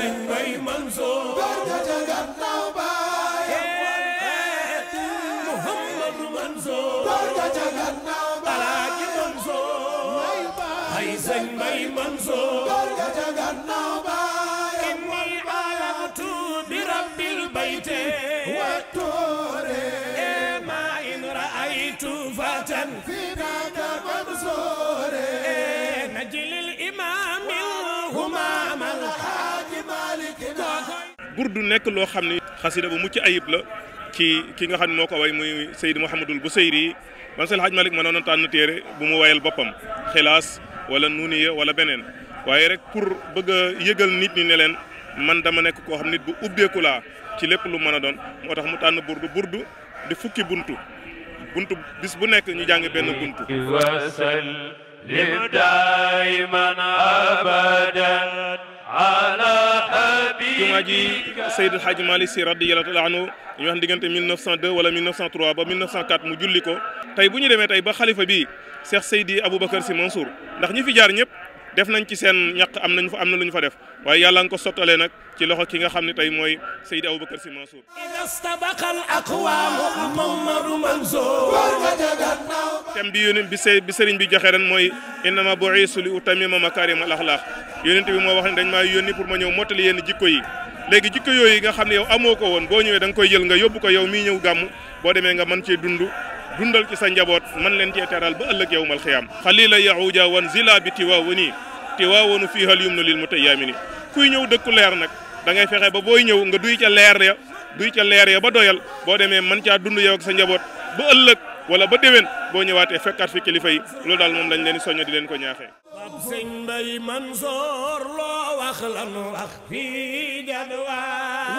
sëñ Bay Mansour barka ca gannaaw baayam Muhammadu Mansour barka ca gannaaw Alaaji Mansour ay sëñ Bay Mansour barka ca gannaaw baayam inni alaqtu bi rabbil bayti wa tuure ma in raaytu fatan fi daaka Mansour burdu nek lo xamni ni bu mucc ayib la ki ki nga xamni moko way muy Seyd Mouhamadul Buseyri man sal hadj Malik manon tan tere bu mu wayal bopam khilas wala nuniya wala benen waye rek pour beug yeugal nit ni ne man dama nek ko xamni bu ubbeeku kula, ci lepp lu meuna don motax mu tan burdu burdu di fukki buntu buntu bis bu nek ñu jang ben buntu jumaji Seydi El Hadji Malick Sy radiyallahu taala anhu diggante 1902 ba 1904 mu julli ko tey bu ñu demee tey ba xalifa bi Cheikh Seydi Aboubacar Sy Mansour ndax ñi fi jaar ñëpp def nañ ci seen ñaq am na lu fa def waaye yàlla nga ko sottalee nag ci loxo ki nga xam ne tey mooy Seydi Aboubacar Sy Mansour thème bi yónent bi se bi sëriñ bi joxe ren mooy innama bu'istu li utammima makaarimal axlaaq yónent bi moo wax ne dañ maa yónni pour ma ñëw mottali yenn yi léegi jikko yooyu nga xam ne yow amoo ko woon boo ñëwee da nga koy jël nga yóbbu ko yow mii ñëw gàmm boo demee nga mën cee dund dundal ci sa njaboot man leen cee teral ba ëllëg yowmal xiyaam xalila yahuja wan zila bi tiwaawani tiwaawanu fiihal yumnu lil mutayaamini kuy ñëw dëkku leer nag da ngay fexe ba booy ñëw nga duy ca leer ya duy ca leer ya ba doyal boo demee man caa dund yow ak sa njaboot ba ëllëg wala ba déwén boo ñëwaatee fekkaat fi kilifa yi loolu daal moom lañ leen soñño di leen ko ñaaxee أخلى الرخ في جدوان